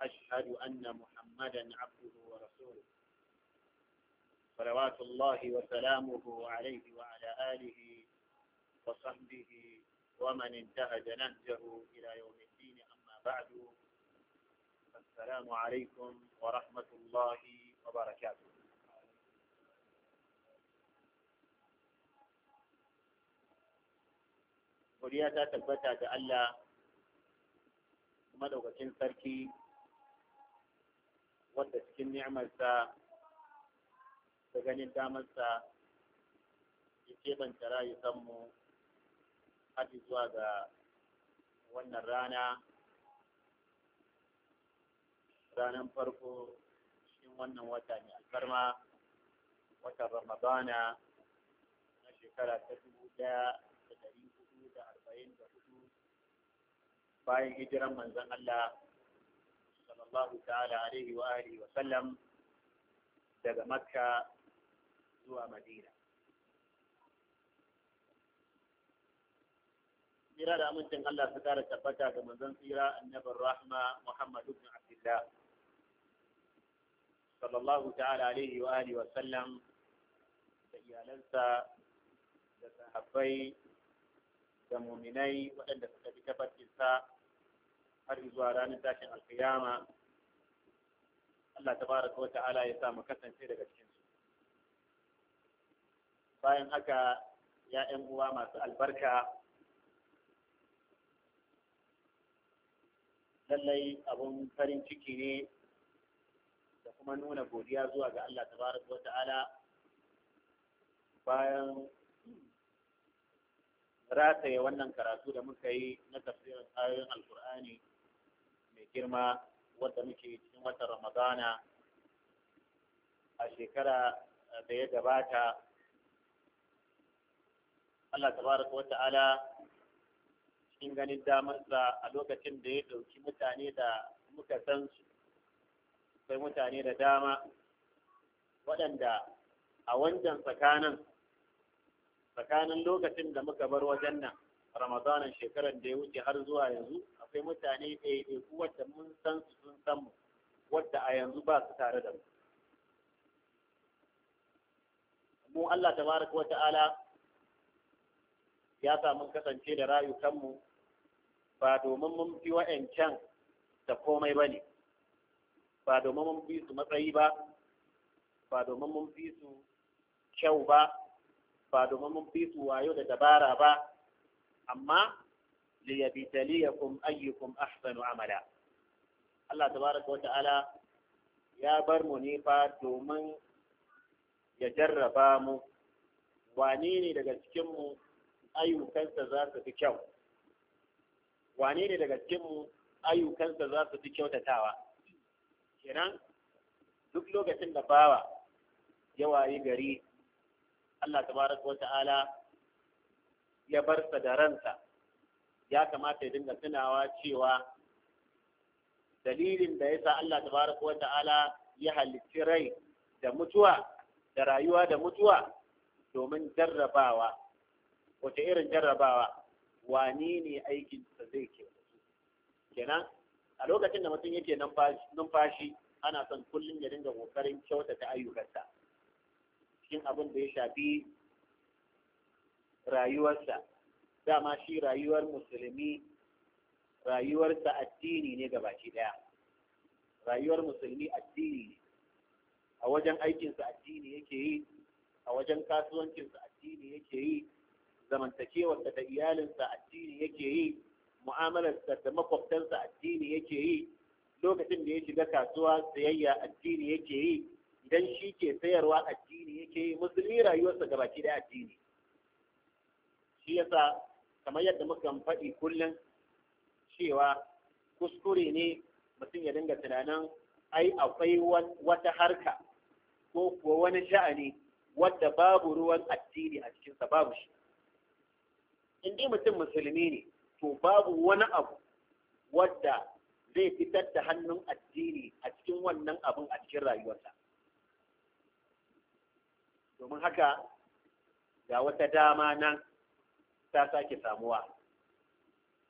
وأشهد أن محمدا عبده ورسوله صلوات الله وسلامه عليه وعلى آله وصحبه ومن انتهج نهجه إلى يوم الدين أما بعد السلام عليكم ورحمة الله وبركاته Kuriya ta tabbata da Allah madaukakin sarki wanda cikin ni'amarsa da ganin damarsa ya keɓanta rayukanmu haɗi zuwa ga wannan rana ranar farko cikin wannan wata ne alfarma wata ramadana na shekara ta dubu ɗaya da dari hudu da arba'in da hudu bayan hijiran manzan Allah sallallahu ta'ala alaihi wa alihi wa sallam daga Makka zuwa Madina tsira da amincin Allah su kara tabbata ga manzon tsira annabin rahma Muhammadu ibn Abdullah sallallahu ta'ala alaihi wa alihi wa sallam da iyalansa da sahabbai da muminai waɗanda suka bi tafarkinsa har zuwa ranar tashin alkiyama Allah tabaraka wa ta'ala ya sa mu kasance daga cikin bayan haka ya ƴan uwa masu albarka lallai abun farin ciki ne da kuma nuna godiya zuwa ga Allah tabaraka wa ta'ala bayan rataye wannan karatu da muka yi na tafsirin ayoyin alkur'ani girma wadda muke cikin watan ramadana a shekara da ya gabata Allah tabaraka wa ta'ala cikin ganin damarsa a lokacin da ya ɗauki mutane da muka san su akwai mutane da dama waɗanda a wancan tsakanin tsakanin lokacin da muka bar wajen nan Ramadana shekarar da ya wuce har zuwa yanzu akwai mutane ɗaiɗaiku wadda mun san su sun san mu wadda a yanzu ba su tare da mu mu Allah mara wa ta'ala ya samu kasance da rayukanmu ba domin mun fi wa'ancan da komai ba ne ba domin mun fi su matsayi ba ba domin mun fi su kyau ba ba domin mun fi su wayo da dabara ba amma liyabtaliyakum ayyukum ahsanu amala Allah tabaraka wa ta'ala ya bar mu ne fa domin ya jarraba mu wane ne daga cikin mu ayyukansa za su fi kyau wane ne daga cikin mu ayyukansa za su fi kyautatawa kenan duk lokacin da bawa ya wayi gari Allah tabaraka wa ta'ala ya bar sa da ransa ya kamata ya dinga tunawa cewa dalilin da ya sa Allah tabaraka wa ta'ala ya halicci rai da mutuwa da rayuwa da mutuwa domin jarrabawa wace irin jarrabawa wani ne aikin da zai ke kenan a lokacin da mutum yake numfashi ana son kullum ya dinga kokarin kyautata ayyukansa cikin abin da ya shafi rayuwarsa dama shi rayuwar musulmi rayuwarsa addini ne baki daya. rayuwar musulmi addini ne a wajen aikinsa addini yake yi a wajen kasuwancinsa addini yake yi zamantakewarsa da iyalinsa addini yake yi mu'amalarsa da makwabtansa addini yake yi lokacin da ya shiga kasuwa sayayya addini yake yi idan shi ke sayarwa addini yake yi musulmi rayuwarsa baki daya addini shi yasa kamar yadda muka faɗi kullum cewa kuskure ne mutum ya dinga tunanin ai akwai wata harka ko kuwa wani sha'ani wadda babu ruwan addini a cikinsa babu shi in dai mutum musulmi ne to babu wani abu wadda zai fitar da hannun addini a cikin wannan abin a cikin rayuwarsa domin haka ga wata dama nan ta sake samuwa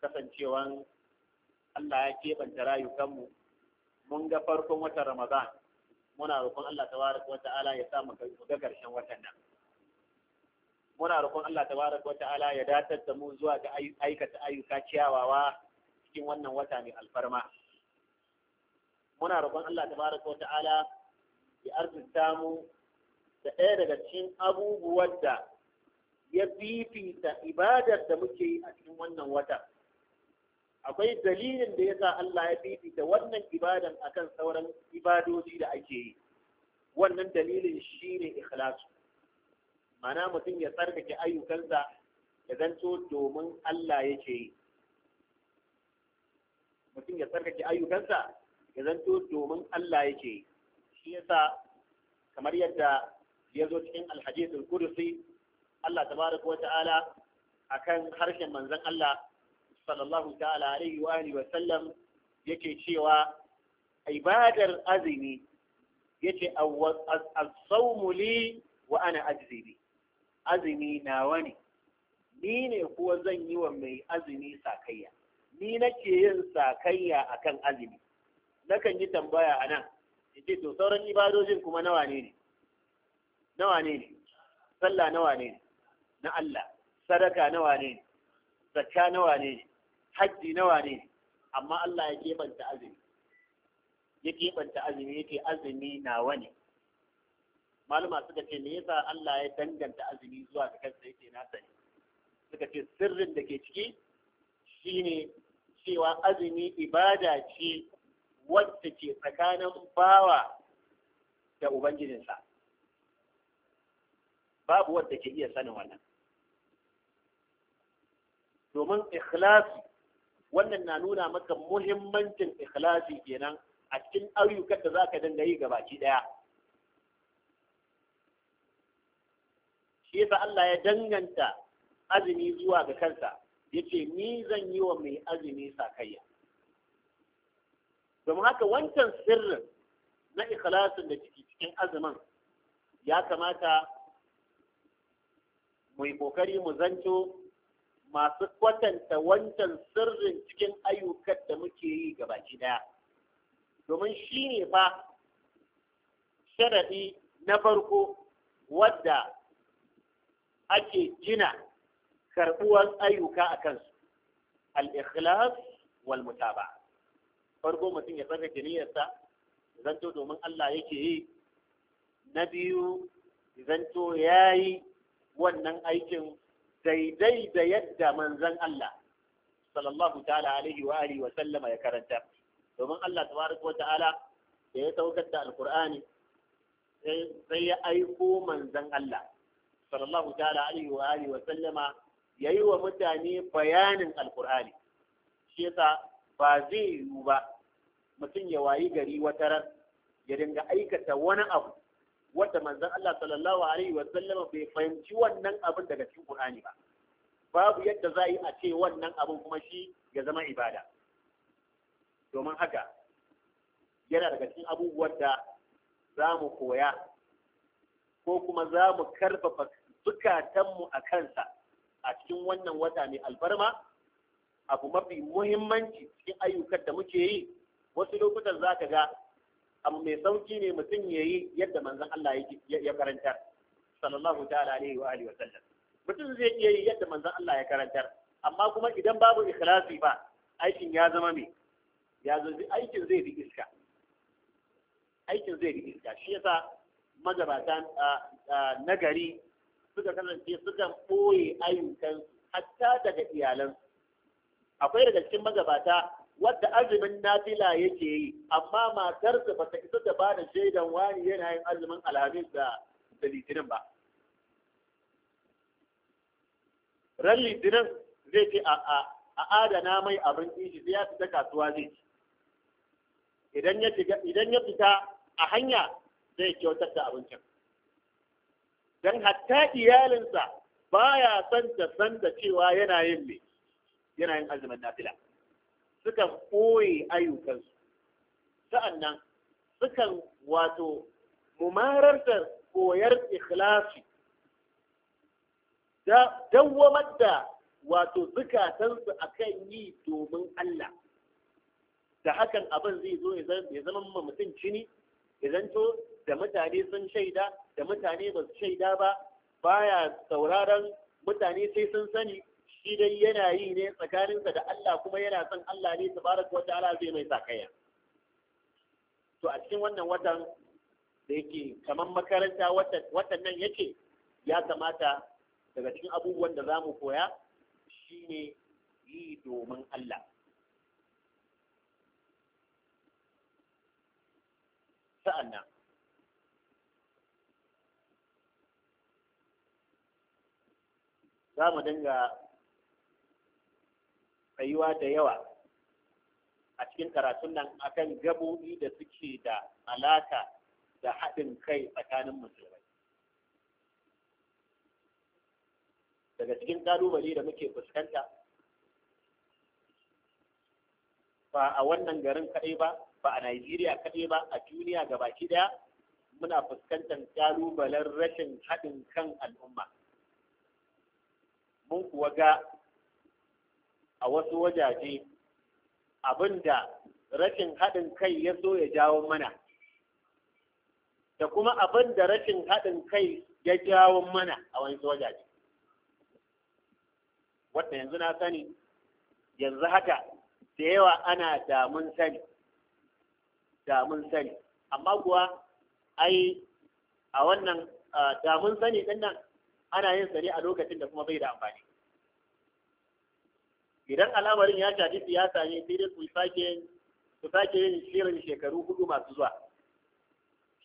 kasancewan Allah ya keɓanta rayukanmu mun ga farkon watan Ramadan muna roƙon Allah tabaraka wa ta'ala ya sa mu ga ƙarshen watan nan muna roƙon Allah tabaraka wa ta'ala ya datar da mu zuwa ga aikata ayyuka ciyawawa cikin wannan wata mai alfarma muna roƙon Allah tabaraka wa ta'ala ya arzuta mu da ɗaya daga cikin abubuwan da ya fifita ibadar da muke yi a cikin wannan wata akwai dalilin da yasa Allah ya fifita wannan ibadan akan sauran ibadoji da ake yi wannan dalilin shine ikhlasu mana mutum ya tsarkake ayyukansa ya zanto domin Allah yake yi mutum ya tsarkake ayyukansa ya zanto domin Allah yake yi shi yasa kamar yadda ya zo cikin alhadisul kursi Allah tabaraka wa ta'ala akan harshen manzon Allah sallallahu ta'ala alaihi wa alihi wa sallam yake cewa ibadar azumi yace as-sawmu li wa ana ajzi azumi nawa ne ni ne kuwa zan yi wa mai azumi sakayya ni nake yin sakayya akan azumi nakan yi tambaya a nan yace to sauran ibadojin kuma nawa ne ne nawa ne ne sallah nawa ne ne na Allah sadaka nawa ne zakka nawa ne hajji nawa ne amma Allah ya kebanta azumi ya kebanta azumi yake azumi nawa ne maluma suka ce me yasa Allah ya danganta azumi zuwa ga kansa yake na sani suka ce sirrin da ke ciki shine cewa azumi ibada ce wadda ke tsakanin bawa da ubangijinsa babu wanda ke iya sanin wannan domin ikhlasi wannan na nuna maka muhimmancin ikhlasi kenan a cikin ayyukan da zaka dinga yi gabaki daya shi yasa Allah ya danganta azumi zuwa ga kansa yace ni zan yi wa mai azumi sakayya domin haka wancan sirrin na ikhlasin da ciki cikin azumin ya kamata mu yi kokari mu zanto masu kwatanta wancan sirrin cikin ayyukan da muke yi gaba daya domin shi ne fa sharaɗi na farko wadda ake gina karbuwar ayyuka a kansu al-ikhlas wal mutaba farko mutum ya tsaka niyyarsa zanto domin Allah yake yi na biyu zanto yayi wannan aikin daidai da yadda manzon Allah sallallahu ta'ala alaihi wa alihi wa sallama ya karanta domin Allah tabaraka wa ta'ala da ya saukar da alqur'ani sai ya aiko manzon Allah sallallahu ta'ala alaihi wa alihi wa sallama yayi wa mutane bayanin alqur'ani shi yasa ba zai yiwu ba mutum ya wayi gari wata wataran ya dinga aikata wani abu wanda manzon Allah sallallahu alaihi wa sallam bai fahimci wannan abin daga cikin Qur'ani ba babu yadda za yi a ce wannan abin kuma shi ya zama ibada domin haka yana daga cikin abubuwan da za mu koya ko kuma za mu karfafa mu a kansa a cikin wannan wata mai albarma abu mafi muhimmanci cikin ayyukan da muke yi wasu lokutan za ka ga abu mai sauki ne mutum ya yi yadda manzon Allah ya karantar sallallahu ta'ala alaihi wa alihi wa mutum zai iya yi yadda manzon Allah ya karantar amma kuma idan babu ikhlasi ba aikin ya zama me ya zai aikin zai bi iska aikin zai bi iska shi yasa magabatan nagari suka kasance sukan ɓoye ayyukan hatta daga iyalan akwai daga cikin magabata wadda azumin nafila yake yi amma matarsa ba ta isa da ba da shaidan wani yana yin azumin alhamis da da litinin ba ran litinin zai ce a adana mai abin kishi sai ya fita kasuwa zai ci idan ya fita a hanya zai kyautar da abincin don hatta iyalinsa baya son ta san da cewa yana yin me yana yin azumin nafila sukan ɓoye ayyukansu sa'annan sukan wato mumararta koyar ikhlasi da dawwamar da wato zukatansu akan yi domin Allah da hakan abin zai zo ya zama ma mutum cini ya zanto da mutane sun shaida da mutane ba su shaida ba baya sauraron mutane sai sun sani shi dai yana yi ne tsakaninsa da Allah kuma yana son Allah ne tabaraka wa ta'ala zai mai sakaya to a cikin wannan watan da yake kamar makaranta watan nan yake ya kamata daga cikin abubuwan da za mu koya shine yi domin Allah sa'annan za mu dinga tsayuwa da yawa a cikin karatun nan akan gabobi da suke da alaka da haɗin kai tsakanin musulmai daga cikin ƙalubale da muke fuskanta ba a wannan garin kaɗai ba ba a Najeriya kaɗai ba a duniya baki ɗaya muna fuskantar ƙalubalen rashin haɗin kan al'umma mun kuwa ga a wasu wajaje abinda rashin haɗin kai ya so ya jawo mana da kuma abinda rashin haɗin kai ya jawo mana a wasu wajaje wanda yanzu na sani yanzu haka da yawa ana damun sani damun sani amma kuwa ai a wannan damun sani ɗin nan ana yin sani ne a lokacin da kuma bai da amfani idan al'amarin ya shafi siyasa ne sai dai ku sake ku sake yin shirin shekaru hudu masu zuwa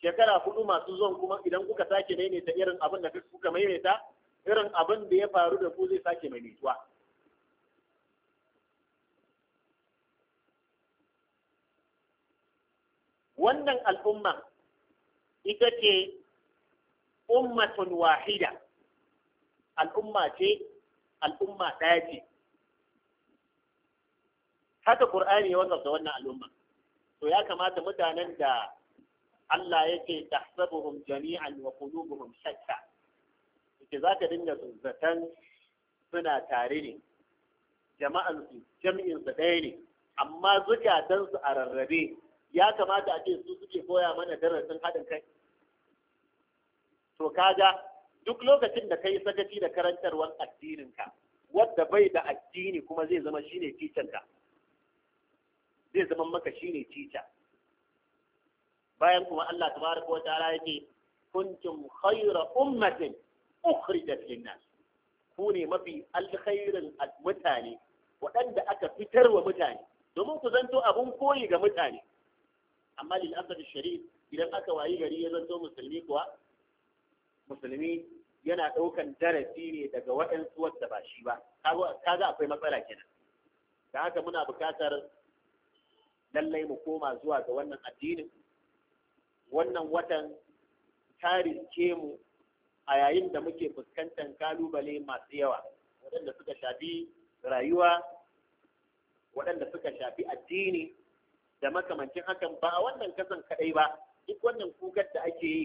shekara hudu masu zuwan kuma idan kuka sake maimaita irin abin da kuka maimaita irin abin da ya faru da ku zai sake maimaituwa wannan al'umma ita ce ummatun wahida al'umma ce al'umma ɗaya ce haka qur'ani ya wasafta wannan al'umma to ya kamata mutanen da Allah yake tahsabuhum jami'an wa qulubuhum shatta za zaka dinga zaton suna tare ne jama'an su jami'in su ɗaya ne amma zukatan su a rarrabe ya kamata a ce su suke koya mana darasin haɗin kai to kaga duk lokacin da kai sakaci da karantarwar ka wadda bai da addini kuma zai zama shine ka zai zama maka shi ne tita bayan kuma Allah tabaraka wa ta'ala yake kuntum khayra ummatin ukhrijat lin-nas ku ne mafi alkhairin mutane waɗanda aka fitar wa mutane domin ku zanto abun koyi ga mutane amma lil asad sharif idan aka wayi gari ya zanto musulmi kuwa musulmi yana ɗaukan darasi ne daga waɗansu wadda ba shi ba kaga akwai matsala kenan da haka muna buƙatar lallai mu koma zuwa ga wannan addinin wannan watan tariske mu a yayin da muke fuskantar kalubale masu yawa waɗanda suka shafi rayuwa waɗanda suka shafi addini da makamancin hakan ba a wannan kasan kaɗai ba duk wannan kukar da ake yi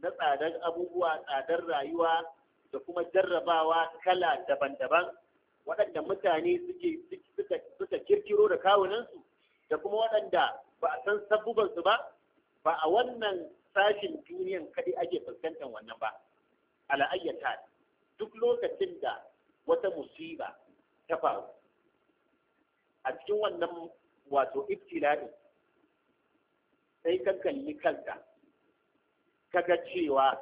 na tsadar abubuwa tsadar rayuwa da kuma jarrabawa kala daban-daban waɗanda mutane suka kirkiro da kawunansu da kuma waɗanda ba a san sabubansu ba ba a wannan sashin duniyan kaɗai ake fuskantar wannan ba ala'ayyata duk lokacin da wata musiba ta faru a cikin wannan wato ibtila'in sai ka kalli kanka kaga cewa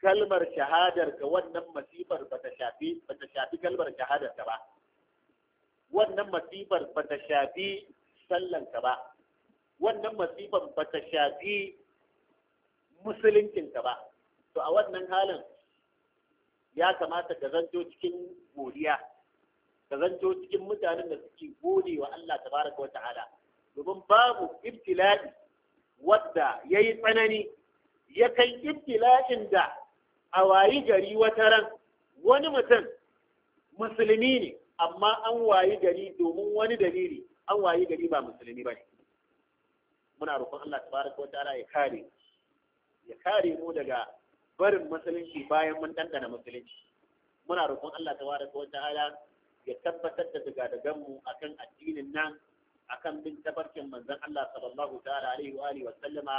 kalmar shahadar ka wannan masifar ba ta shafi kalmar shahadar ba wannan masifar ba ta shafi sallanka ba wannan masifan ba ta shafi musuluncinka ba to a wannan halin ya kamata ka zanto cikin godiya ka zanto cikin mutanen da suke gode wa Allah tabaraka wa ta'ala domin babu ibtila'i wadda yayi tsanani ya kai ibtila'in da a wayi gari wata ran wani mutum musulmi ne amma an wayi gari domin wani dalili an wayi gari ba musulmi ba muna roƙon Allah tabaraka wataala ya kare ya kare mu daga barin musulunci bayan mun dandana musulunci muna roƙon Allah tabaraka wataala ya tabbatar da daga mu akan addinin nan akan bin tabarkin manzon Allah sallallahu ta'ala alaihi wa alihi wa sallama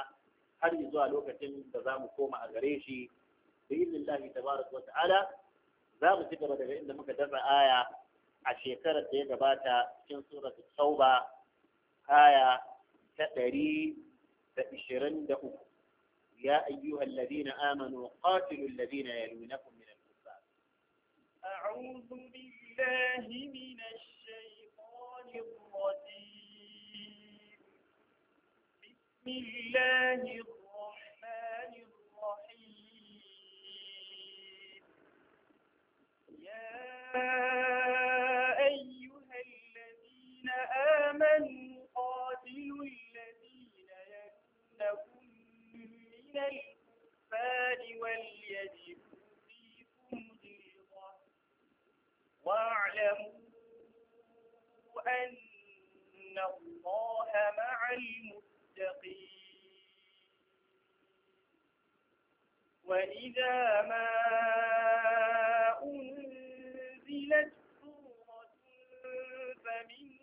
har zuwa lokacin da zamu koma a gare shi bi tabaraka wataala za mu ci gaba daga inda muka dafa aya a shekarar da ya gabata cikin surat tauba aya ta ɗari da ishirin da uku ya ayyuha alladhina amanu qatilu alladhina yalunakum min al-kuffar a'udhu billahi minash shaitanir rajim bismillahir rahmanir rahim ya فمن قاتل الذين ينهم من الكفار وليجدوا فيكم غلظة واعلموا أن الله مع المتقين وإذا ما أنزلت سورة فمن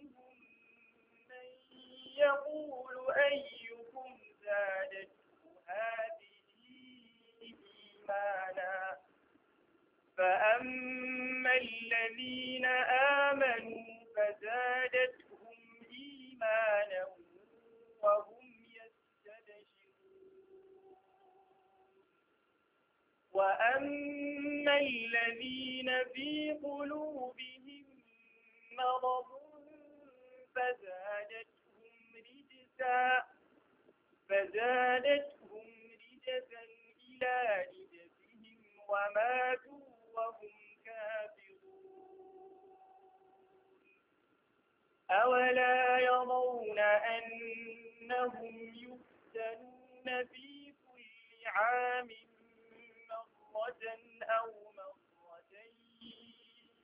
يقول أيكم زادته هذه إيمانا فأما الذين آمنوا فزادتهم إيمانا وهم يستبشرون وأما الذين في قلوبهم مرض فزادتهم موسى فزادتهم رجسا إلى رجسهم وماتوا وهم كافرون أولا يرون أنهم يفتنون في كل عام مرة أو مرتين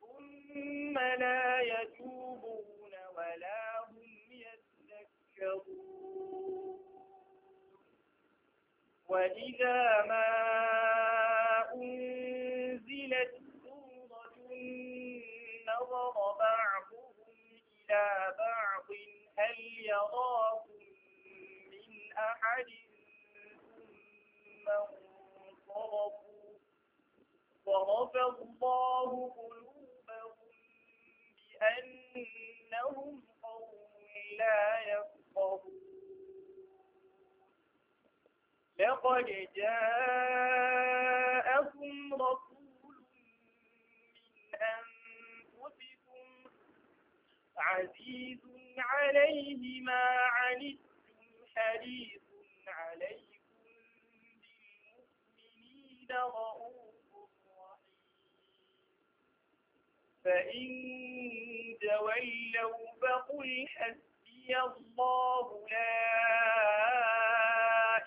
ثم لا يتوبون ولا هم يذكرون وإذا ما أنزلت سورة نظر بعضهم إلى بعض هل يراكم من أحد ثم انصرفوا صرف الله قلوبهم بأن قوم لا يفقهون لقد جاءكم رسول من أنفسكم عزيز عليه ما عنتم حريص عليكم بالمؤمنين رؤوف فإن تولوا فقل حسبي الله لا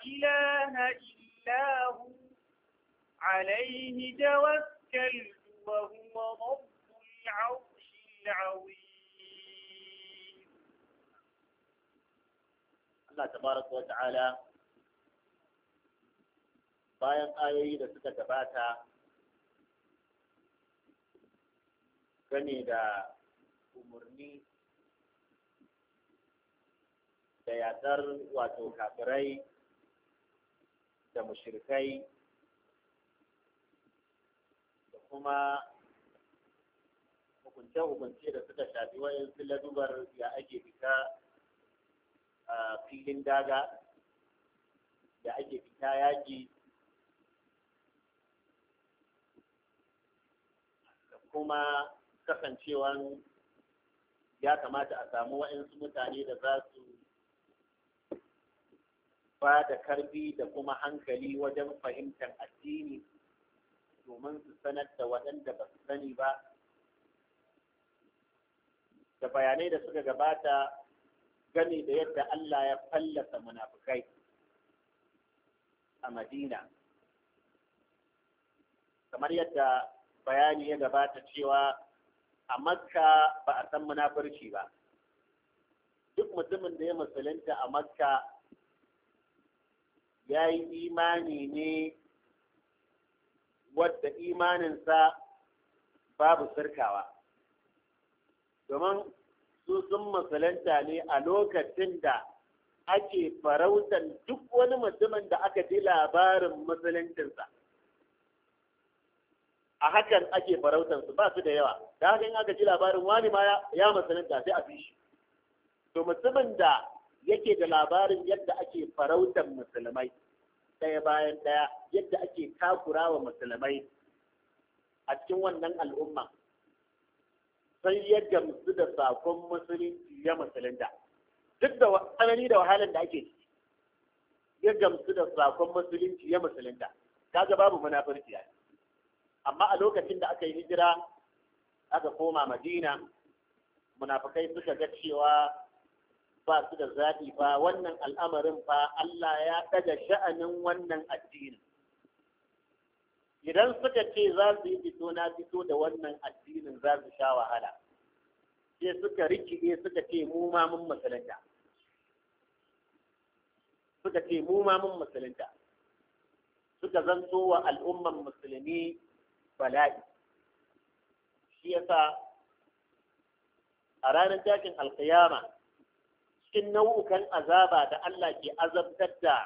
إله إلا هو عليه توكلت وهو رب العرش العظيم الله تبارك وتعالى bayan آيه da suka dangane da umarni da yadar wato kafirai da mushirikai da kuma hukunce-hukunce da suka shafi su ladubar ya ake fita a filin daga da ake fita yaƙi da kuma kasancewan ya kamata a samu waɗansu mutane da za su ba da karbi da kuma hankali wajen fahimtar addini domin su sanar da waɗanda ba su sani ba da bayanai da suka gabata gani da yadda Allah ya fallasa munafukai a Madina kamar yadda bayani ya gabata cewa a makka ba a san munafurci ba duk mutumin da ya musulunta a makka ya yi imani ne wadda imaninsa babu sirkawa domin su sun musulunta ne a lokacin da ake farautan duk wani mutumin da aka ji labarin musuluncinsa a hakan ake farautar su ba su da yawa da haka in aka ji labarin wani ma ya masananta sai a bi shi to mutumin da yake da labarin yadda ake farautar musulmai ɗaya bayan ɗaya yadda ake takura wa musulmai a cikin wannan al'umma sai ya gamsu da sakon musulunci ya musulunta duk da tsanani da wahalar da ake ciki ya gamsu da sakon musulunci ya musulunta kaga babu munafurci a amma a lokacin da aka yi hijira aka koma madina munafikai suka ga cewa ba su da zaɓi ba wannan al'amarin fa Allah ya ɗaga sha'anin wannan addini idan suka ce za su yi fito na fito da wannan addinin za su sha wahala sai suka rikide suka ce mu ma mun musulunta suka ce mu ma mun musulunta suka zanto wa al'umman musulmi bala'i shi yasa a ranar tashin alkiyama cikin nau'ukan azaba da Allah ke azabtar da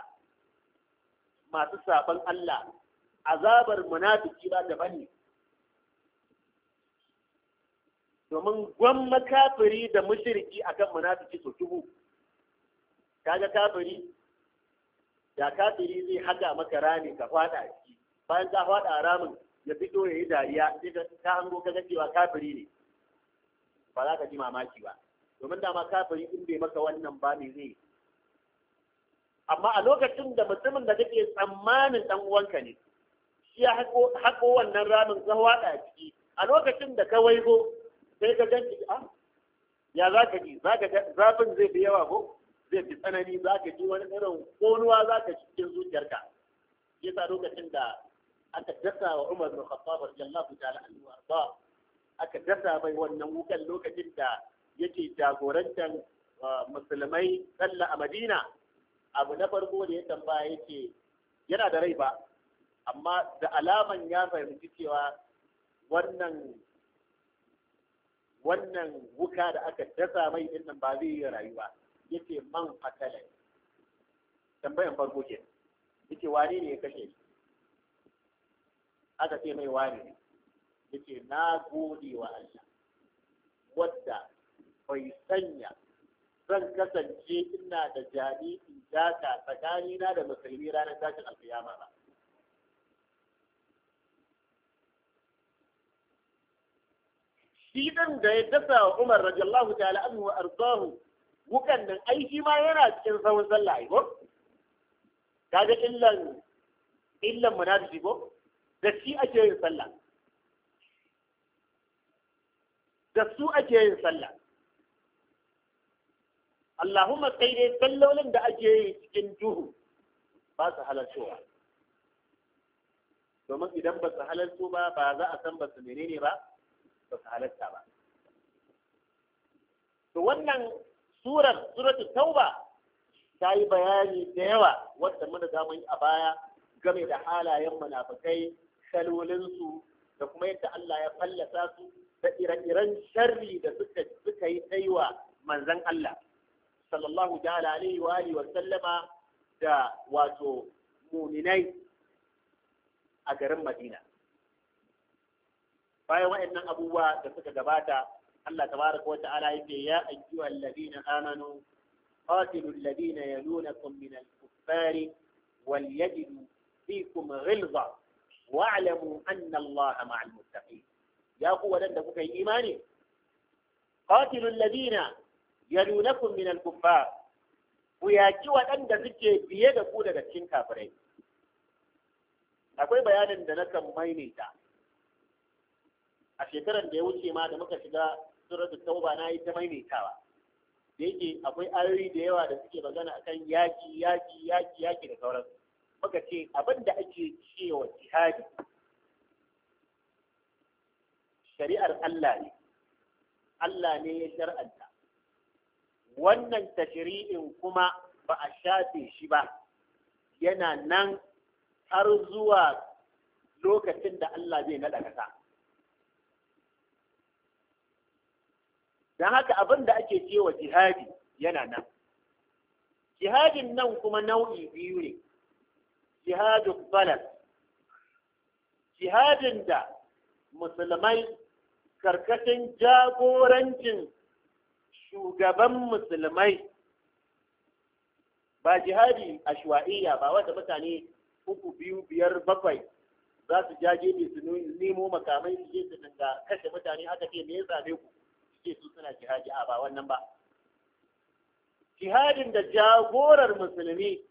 masu saban Allah azabar munafiki ba da bane domin gwan makafiri da mushriki akan munafiki so dubu kaga kafiri da kafiri zai haga maka rami ka fada shi bayan ka fada ramin ya fito ya yi dariya sai ka hango ka ga cewa kafiri ne ba za ka ji mamaki ba domin da ma kafiri in bai maka wannan ba ne zai amma a lokacin da mutumin da kake tsammanin dan uwanka ne shi ya hako wannan ramin zahwa da ciki a lokacin da ka waigo sai ka ganci a ah, ya za ka ji zafin zai fi yawa ko zai fi tsanani za ka ji wani irin konuwa za ka cikin zuciyarka shi yasa lokacin da aka dasa wa Umar bin Khattab radiyallahu ta'ala anhu arba aka dasa mai wannan wukan lokacin da yake jagorantar uh, musulmai tsalla a Madina abu na farko da ya tambaya yake yana da rai ba amma da alaman ya fahimci cewa wannan wannan wuka da aka dasa mai din nan ba zai yi rayuwa yace man fatala tambayan farko ke yace wani ne ya kashe shi aka ce mai wani ya ce na gode wa Allah wadda bai sanya zan kasance ina da jami'in tsakani tsakanina da musulmi ranar tashin alfiyama ba shi da ya dasa wa Umar radiyallahu ta'ala anhu wa arzahu wukan nan ai shi ma yana cikin sauran sallah ai ko kaga illan illan munafiki ko da shi ake yin sallah da su ake yin sallah Allahumma sai dai sallolin da ake yi cikin duhu ba su halartowa domin idan ba su halarto ba ba za a san ba su menene ba ba su halarta ba to wannan surar suratu tauba ta yi bayani da yawa wadda mun riga yi a baya game da halayen munafikai salolinsu da kuma yadda Allah ya fallasa su da ire-iren sharri da suka suka yi taiwa manzon Allah sallallahu ta'ala alaihi wa alihi wa sallama da wato muminai a garin Madina bayan waɗannan abubuwa da suka gabata Allah tabaraka wa ta'ala yake ya ayyuhal ladina amanu قاتلوا الذين يلونكم من الكفار وليجدوا فيكم غلظة wa'lamu anna Allaha ma'al muttaqin ya ku da kuka yi imani qatilul ladina yalunakum min al-kuffar ku yaki waɗanda suke biye da ku daga cikin kafirai akwai bayanin da na kan maimaita a shekarar da ya wuce ma da muka shiga suratul tauba na yi ta maimaitawa da yake akwai ayoyi da yawa da suke magana akan yaki yaki yaki yaki da sauransu muka ce abin da ake cewa jihadi shari'ar Allah ne Allah ne ya shar'anta wannan tashri'in kuma ba a shafe shi ba yana nan har zuwa lokacin da Allah zai naɗa kasa don haka abin da ake cewa jihadi yana nan jihadin nan kuma nau'i biyu ne jihadun balas jihadin da musulmai karkashin jagorancin shugaban musulmai ba jihadi a shuwa'iyya ba wanda mutane uku biyu biyar bakwai za su jaje ne su nemo makamai su je su dinga kashe mutane aka ce me ya same ku ce su suna jihadi a ba wannan ba jihadin da jagorar musulmi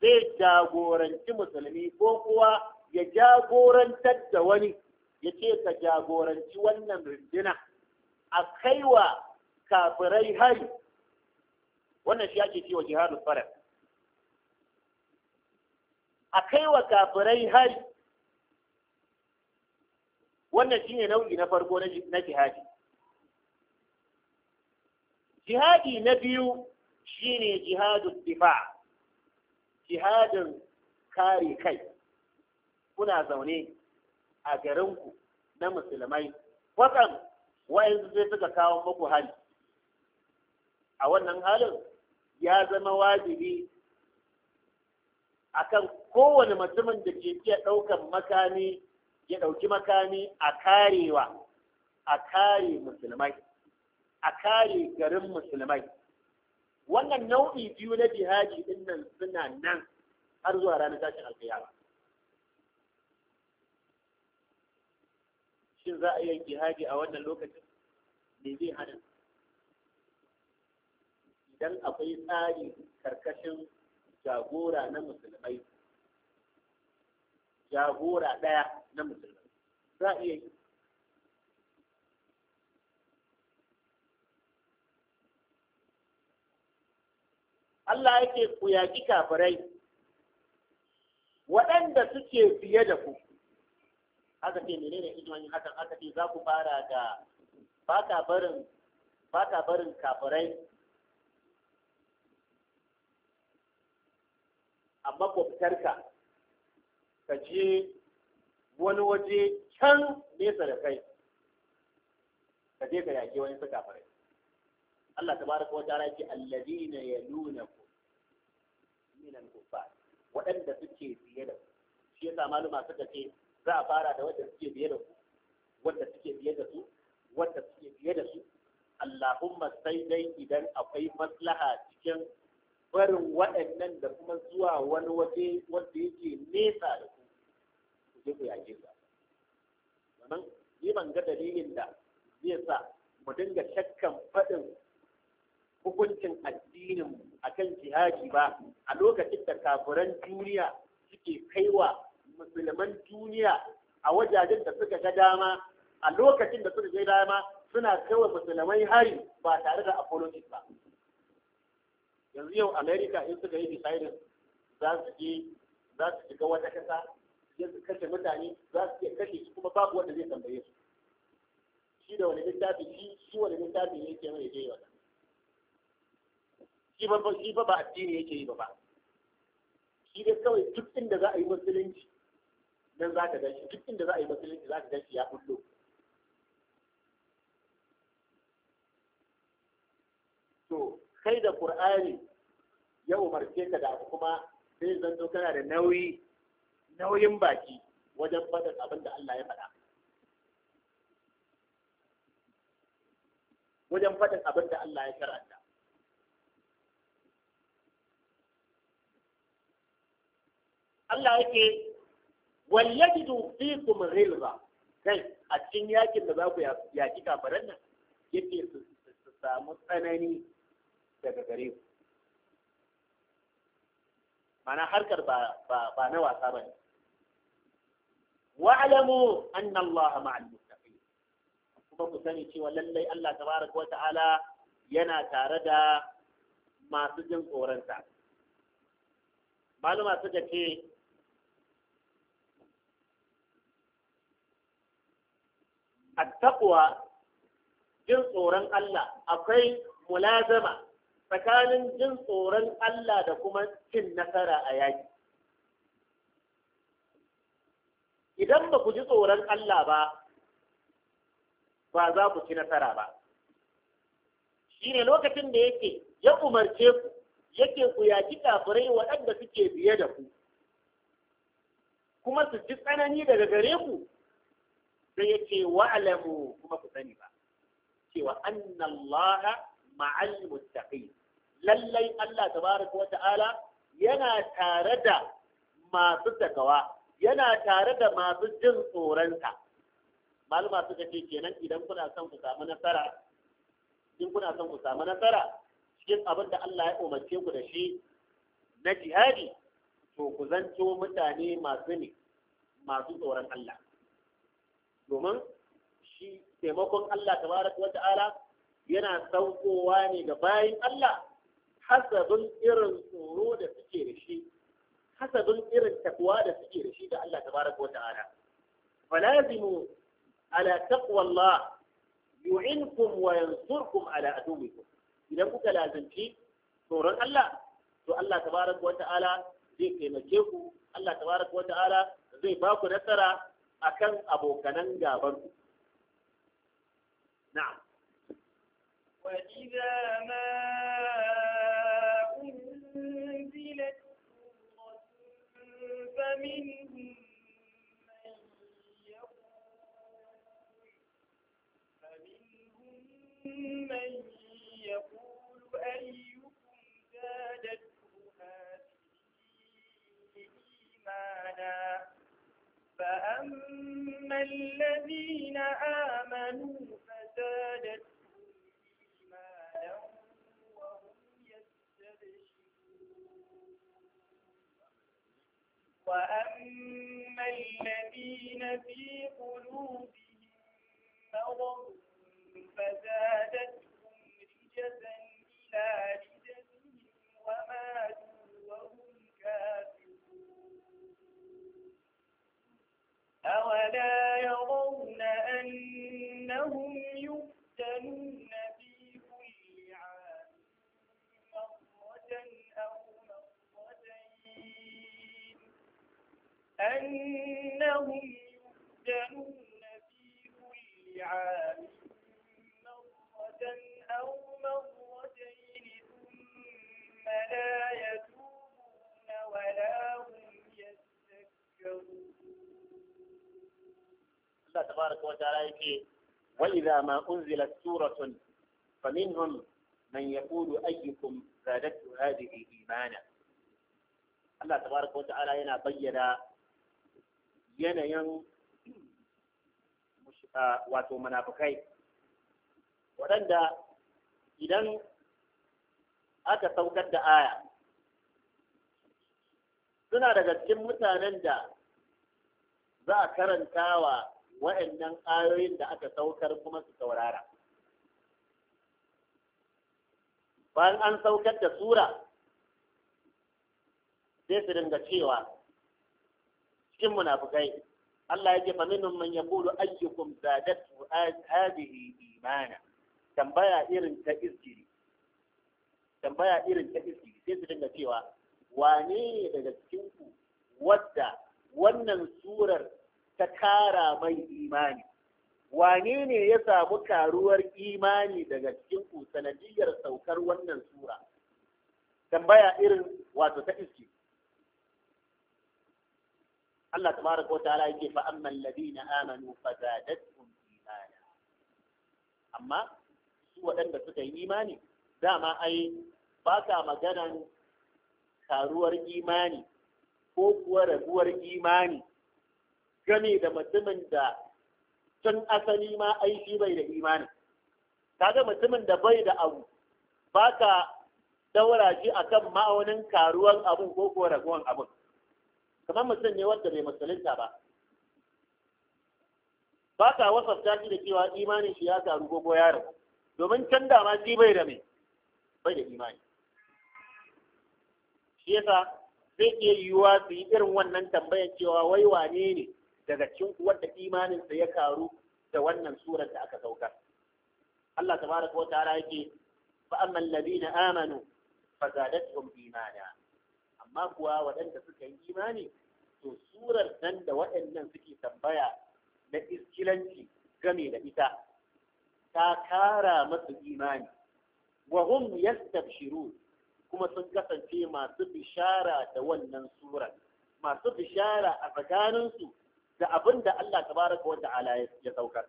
zai jagoranci musulmi ko kuwa ya jagorantar da wani ya ce ka jagoranci wannan rundina a kaiwa kafirai hari wannan shi ake cewa jihar farar a kaiwa kafirai hari wannan shine nau'i na farko na jihadi jihadi na biyu shi ne jihadun difa jihadin kare kai kuna zaune a garinku na musulmai kwatsam wa'yansu sai suka kawo muku hali a wannan halin ya zama wajibi akan kowane mutumin da ke iya ɗaukan makami ya ɗauki makami a karewa a kare musulmai a kare garin musulmai wannan nau'i biyu na jihadi din nan suna nan har zuwa ranar tashin alkiyama shin za a yi jihadi a wannan lokacin me zai hana idan akwai tsari karkashin jagora na musulmai jagora ɗaya na musulmai za a iya yi Allah yake ku yaƙi kafirai waɗanda suke fiye da ku haka ce menene hikiman hakan haka ce za ku fara da ba ka barin barin kafirai a makwabtarka ka je wani waje can nesa da kai ka je ka yaƙi wani su kafirai Allah ta baraka wa ta ce alladina yalunakum min al waɗanda suke biye da su shi yasa maluma suka ce za a fara da wanda suke biye da su? wanda suke biye da su wanda suke biye da su Allahumma sai dai idan akwai maslaha cikin barin waɗannan da kuma zuwa wani waje wanda yake nesa da su, ku je ku yaƙe ka domin ni ban ga dalilin da zai sa mu dinga shakkan faɗin hukuncin addinin akan jihadi ba a lokacin da kafiran duniya suke kaiwa musulman duniya a wajajen da suka ga dama a lokacin da suka ga dama suna kaiwa musulmai hari ba tare da apologies ba yanzu yau america in suka yi decidin za su je za su shiga wata kasa su kashe mutane za su iya kashe su kuma babu wanda zai tambaye su shi da wani littafi shi wani littafi ne yake mai je wata shi ba shi ba ba addini yake yi ba ba shi dai kawai duk inda za a yi musulunci dan za ka ga shi duk inda za a yi musulunci za ka ga shi ya bullo to kai da qur'ani ya umarce ka da abu kuma sai zanto kana da nauyi nauyin baki wajen faɗin abin da Allah ya faɗa wajen faɗin abin da Allah ya karanta Allah yake wallajidu fikum ghilza kai a cikin yakin da za ku yaki kafaran nan yake su samu tsanani daga gare ku mana harkar ba na wasa ba ne wa'alamu anna Allah ma'al muttaqin kuma ku sani cewa lallai Allah tabaraka wa ta'ala yana tare da masu jin tsoronsa malama suka ce attaqwa jin tsoron Allah akwai mulazama tsakanin jin tsoron Allah da kuma cin nasara a yaki idan ba ku ji tsoron Allah ba ba za ku ci nasara ba shine lokacin da yake ya umarce ku yake ku yaki kafirai waɗanda suke biye da ku kuma su ji tsanani daga gare ku sai ya ce wa'alamu kuma ku sani ba cewa annallaha ma'al lallai Allah tabaraka wa ta'ala yana tare da masu takawa yana tare da masu jin tsoronsa malama suka ce kenan idan kuna son ku samu nasara in kuna son ku samu nasara cikin abin da Allah ya umarce ku da shi na jihadi to ku zanto mutane masu ne masu tsoron Allah domin shi taimakon Allah tabaraka wata'ala yana saukowa ne ga bayan Allah hasabin irin tsoro da suke da shi hasabin irin takwa da suke da shi da Allah tabaraka wata'ala falazimu ala taqwa Allah yu'inkum wa yansurkum ala aduwikum idan kuka lazanci tsoron Allah to Allah tabaraka wata'ala zai taimake ku Allah tabaraka wata'ala zai ba ku nasara akan abokanan gaban ku na'am وإذا ما أنزلت فمنهم من يقول أيكم زادته هذه إيمانا فأما الذين آمنوا فزادتهم إيمانا وهم وأما الذين في قلوبهم مرض فزادتهم رجزا إلى رجزهم وماتوا وهم كافرون أولا يرون أنهم يفتنون في كل عام مرة أو مرتين أنهم يفتنون في كل عام أو مرتين ثم لا يتوبون ولا هم يذكرون Allah fara wa ta'ala yake wa idza ma unzilat suratun faminhum man yaqulu ayyukum zadatu hadhihi imana Allah fara wa ta'ala yana bayyana yanayin uh, wato munafukai waɗanda idan aka saukar da aya suna daga cikin mutanen da za a karanta wa wa'annan ayoyin da aka saukar kuma su saurara bayan an saukar da sura sai su dinga cewa cikin munafukai Allah ya ce fa ya man yaqulu ayyukum zadatu hadhihi imana tambaya irin ta iskiri tambaya irin ta iskiri sai su dinga cewa wane daga cikin ku wadda wannan surar ta kara mai imani wane ne ya samu karuwar imani daga cikin ku sanadiyar saukar wannan sura tambaya irin wato ta iske Allah tabaraka wa ta'ala yake fa amman ladina amanu fa zadatuhum imana amma su waɗanda suka yi imani dama ai ba ka maganan karuwar imani ko kuwa raguwar imani game da mutumin da tun asali ma aiki bai da imani kaga mutumin da bai da abu ba ka daura shi akan ma'aunin karuwan abu ko ko raguwan abu, kamar mutum ne wanda bai musulunta ba ba ka wasafta shi da cewa imanin shi ya karu ko ko yaro domin can ma shi bai da mai bai da imani shi yasa zai iya yiwuwa su yi irin wannan tambayar cewa wai wane ne daga cikin wanda imaninsa ya karu da wannan surar da aka saukar Allah tabaraka wa ta'ala yake fa amman ladina amanu fa zadatuhum imana amma kuwa waɗanda suka yi imani to surar nan da waɗannan suke tambaya na iskilanci game da ita ta kara masu imani wa hum yastabshirun kuma sun kasance masu bishara da wannan surar masu bishara a tsakaninsu da abin da Allah tabaraka wa ta'ala ya saukar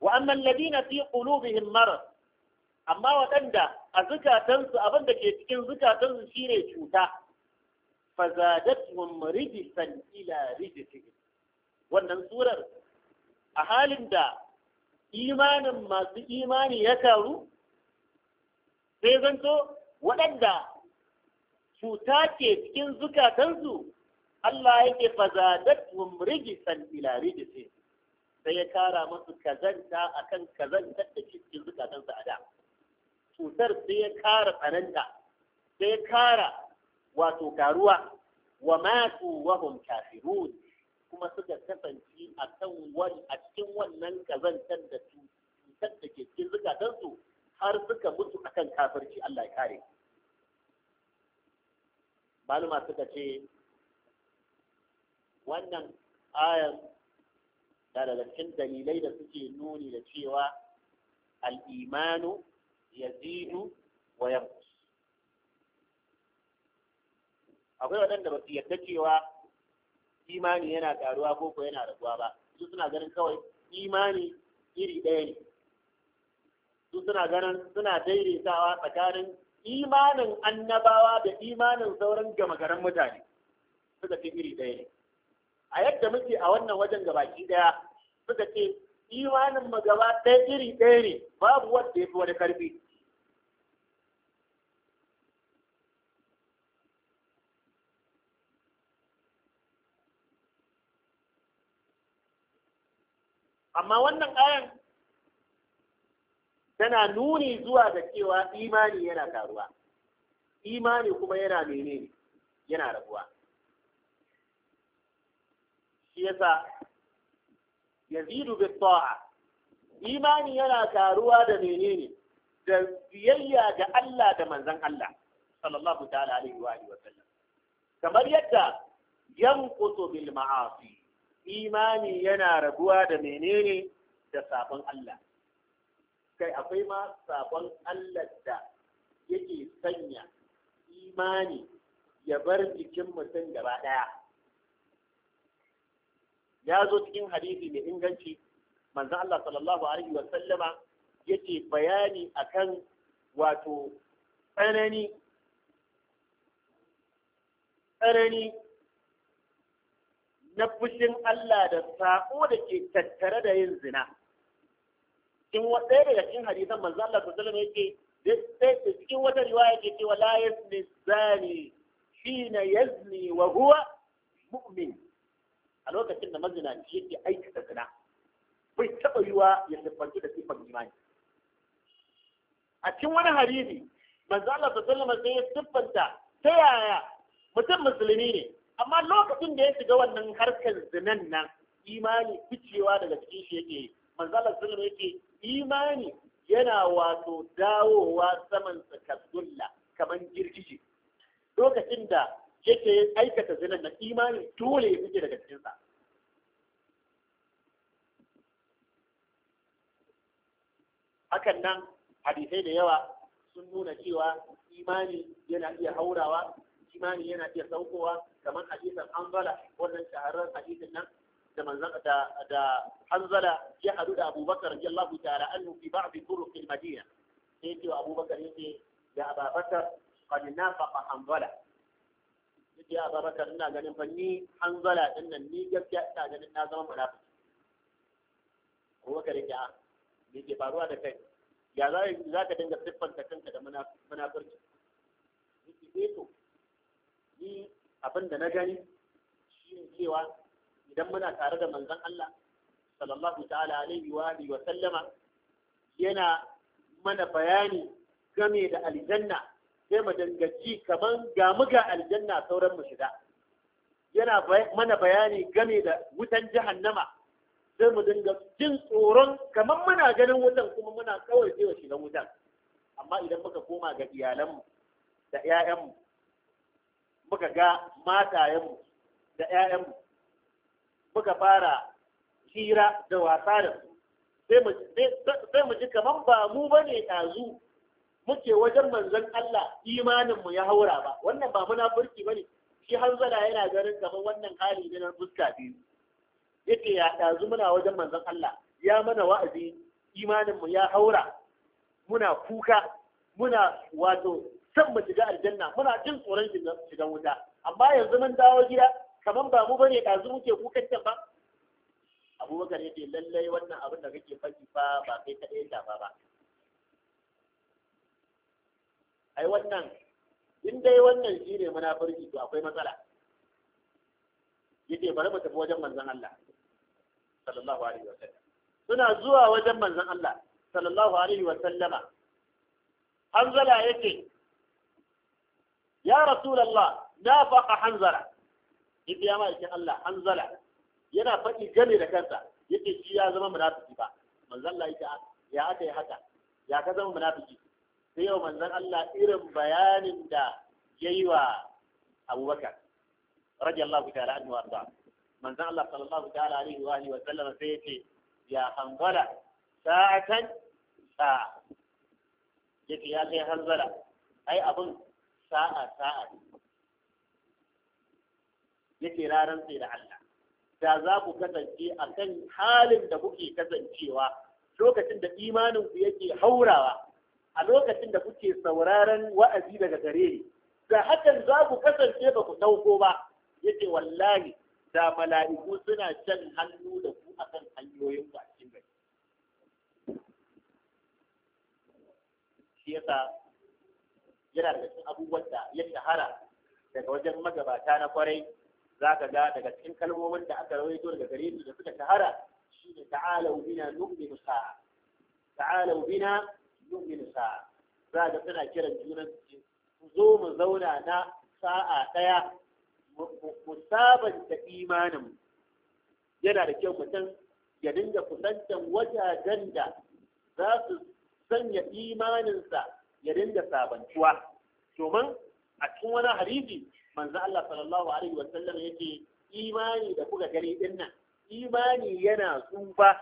wa amma na fi qulubihim marad amma waɗanda a zukatansu abin da ke cikin zukatansu shine cuta fa fazadatuhum rijsan ila rijsihim wannan surar a halin da imanin masu imani ya taru, sai zanto waɗanda cuta ke cikin zukatansu Allah yake fazadatum rijisan ila rijisi sai ya kara masu kazanta akan kazanta da cikin zukatansa a da cutar sai ya kara tsananta sai ya kara wato karuwa wa matu wa hum kafirun kuma suka kasance a kan wani a cikin wannan kazantar da cutar da ke cikin su har suka mutu akan kafirci Allah ya kare maluma suka ce wannan ayar da daga cikin dalilai da suke nuni da cewa al'imanu yazidu wa yankus akwai waɗanda ba su yadda cewa imani yana ƙaruwa ko ko yana raguwa ba su suna ganin kawai imani iri ɗaya ne su suna ganin suna daidaitawa tsakanin imanin annabawa da imanin sauran gama garin mutane suka fi iri ɗaya ne a yadda muke a wannan wajen gabaki daya suka ce imanin mu gaba ɗaya iri ɗaya ne babu wanda ya fi wani karfi amma wannan ayan tana nuni zuwa ga cewa imani yana karuwa imani kuma yana menene yana rabuwa yasa yazidu bi ta'a imani yana karuwa da menene da biyayya ga Allah da manzon Allah sallallahu ta'ala alaihi wa alihi wa sallam kamar yadda yanqutu bil ma'asi imani yana raguwa da menene da sabon Allah kai akwai ma sabon Allah da yake sanya imani ya bar jikin mutum gaba ɗaya. ya zo cikin hadisi mai inganci manzon Allah sallallahu alaihi wa sallama yake bayani akan wato tsanani tsanani na fushin Allah da sako da ke tattare da yin zina in ɗaya daga cikin hadisan manzo Allah sallallahu alaihi wasallam yake cikin wata riwaya yake cewa la yazni zani shine yazni wa huwa mu'min a lokacin da mazinaci yake aikata zina bai taɓa yiwa ya siffanci da siffan imani a cikin wani hariri manzo Allah sallallahu alaihi wasallam siffanta ta yaya mutum musulmi ne amma lokacin da ya shiga wannan harkar zinan na imani ficewa daga cikin shi yake manzo Allah sallallahu yake imani yana wato dawowa saman sa kamar kaman girgije lokacin da yake aikata zinan na imani dole ya fice daga cikinsa hakan nan hadisai da yawa sun nuna cewa imani yana iya haurawa imani yana iya saukowa kamar hadisan anzala wannan shahararren hadisin nan da manzon da da hanzala ya hadu da abubakar radiyallahu ta'ala anhu fi ba'd turuq al-madina sai ce abubakar yake ya ababakar qad nafaqa hanzala yake ya babakar ina ganin fa ni hanzala din nan ni gaskiya ina ganin na zama munafiki abubakar yake a me ke faruwa da kai ya za ka dinga siffanta kanka da munafurci yake eh to ni abinda na gani shi ne cewa idan muna tare da manzon Allah sallallahu ta'ala alaihi wa alihi wa sallama yana mana bayani game da aljanna sai mu dinga ci kaman ga muga aljanna sauran mu shiga yana mana bayani game da wutan jahannama sai mu dinga jin tsoron kaman muna ganin wutan kuma muna kawai cewa shiga wutan amma idan muka koma ga iyalanmu da 'ya'yanmu muka ga matayenmu da 'ya'yanmu muka fara hira da wasa da su sai mu ji kaman ba mu bane tazu. muke wajen manzon Allah imanin mu ya haura ba wannan ba ba bane shi hanzala yana garin gaban wannan hali ne na fuska biyu Yake ya dazu muna wajen manzon Allah ya mana wa'azi imanin mu ya haura muna kuka muna wato san mu shiga aljanna muna jin tsoron shiga wuta amma yanzu mun dawo gida kaman ba mu bane dazu muke kukan can ba abubakar ya ce lallai wannan abin da kake faɗi fa ba kai kaɗai shafa ba ai wannan in dai wannan shi ne munafurci to akwai matsala yake bari mu tafi wajen manzon Allah sallallahu alaihi wa suna zuwa wajen manzon Allah sallallahu alaihi wa sallama hanzala yake ya rasulullah na faqa hanzala yake ya ma'aikin Allah hanzala yana faɗi game da kansa yake shi ya zama munafiki ba manzon Allah yake ya aka yi haka ya ka zama munafiki sai yau manzan Allah irin bayanin da ya yi wa Abubakar ku ta'ala anhu ba. manzan Allah sallallahu ta'ala alaihi wa alihi wa sallama sai ce ya hanzala sa'atan sa'a yace ya kai hanzala ai abun sa'a sa'a yace ranar sai da Allah da za ku kasance a kan halin da kuke kasancewa lokacin da imaninku yake haurawa a lokacin da kuke sauraron wa'azi daga gare ni da hakan za ku kasance ba ku sauko ba yake wallahi da mala'iku suna can hannu da ku akan hanyoyin ku a cikin gari shi yana daga cikin abubuwan da ya shahara daga wajen magabata na kwarai za ka ga daga cikin kalmomin da aka rawaito daga gare su da suka shahara shi ne ta'ala wubina nu'minu sa'a Ta'ala yu'minu sa'a za ga suna kiran junan ku zo mu zauna na sa'a ɗaya mu sabanta imanin yana da kyau mutum ya dinga kusantan wajajen da za su sanya imaninsa ya dinga sabantuwa domin a cikin wani hadisi manzo Allah sallallahu alaihi wasallam yake imani da kuka gani dinnan. imani yana tsufa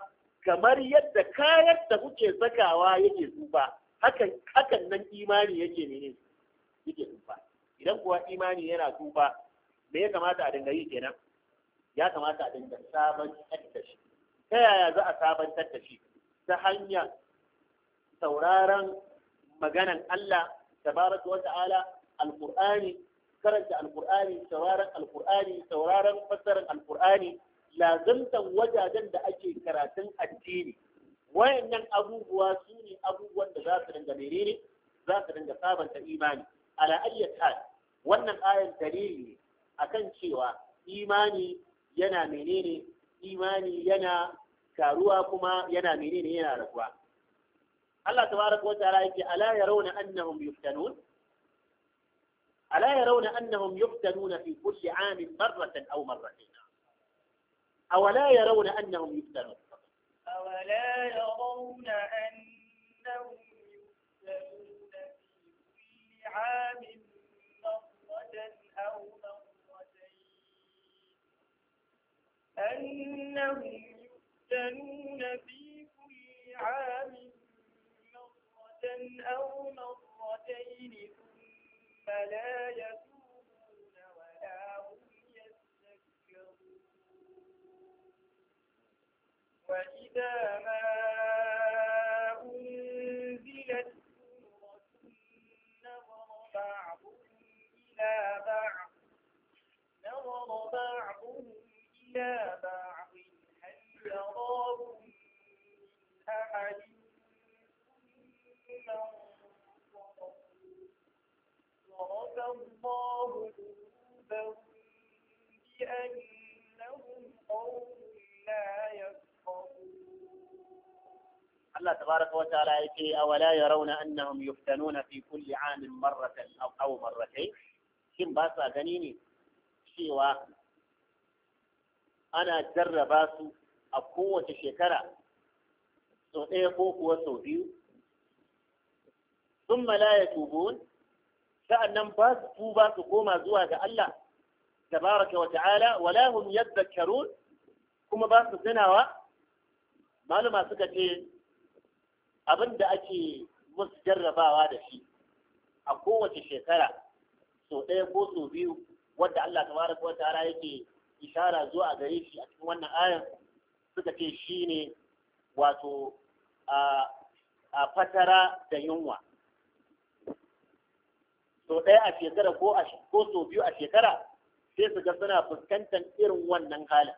kamar yadda kayar da kuke sakawa yake tsufa hakan hakan nan imani yake ne yake tsufa idan kuwa imani yana tsufa me ya kamata a dinga yi kenan ya kamata a dinga sabon tattashi, ta yaya za a sabantar da ta hanyar sauraron maganan Allah tabaraka wa ta'ala alqur'ani karanta alqur'ani sauraron alqur'ani sauraron fassarar alqur'ani lazantan wajajen da ake karatun addini wayannan abubuwa su ne abubuwan da za su dinga menene za su dinga sabanta imani ala ayyat hal wannan ayar dalili ne akan cewa imani yana menene imani yana karuwa kuma yana menene yana raguwa Allah tabaraka wa ta'ala yake ala yarawna annahum yuftanun ala yarawna annahum yuftanuna fi kulli 'amin marratan aw marratayn أولا يرون أنهم يفتنون أولا يرون أنهم يفتنون في عام أو أنهم يفتنون في كل عام مرة أو مرتين ثم لا يفتنون وإذا ما أنزلت نظر بعضهم إلى بعض نظر بعضهم إلى بعض هل يراهم من أحد ثم ضرب الله قلوبهم بأنهم قوم لا يفقهون Allah tabaraka wa ta'ala yake awala yarawna annahum yuftanuna fi kulli 'amin marratan aw aw marratayn shin ba sa gani ne cewa ana jarraba su a kowace shekara sau ɗaya ko kuwa sau biyu sun malaya tubun sa'annan ba su tuba su koma zuwa ga Allah tabaraka wa ta'ala wala hum yadhakkarun kuma ba su tunawa maluma suka ce abin da ake musu jarrabawa da shi a kowace shekara so ɗaya ko so biyu wanda Allah mara kowace ara yake ishara zuwa gare shi a cikin wannan ayan suka ce ne, wato a fatara da yunwa so ɗaya a shekara ko so biyu a shekara sai su ga suna fuskantar irin wannan halin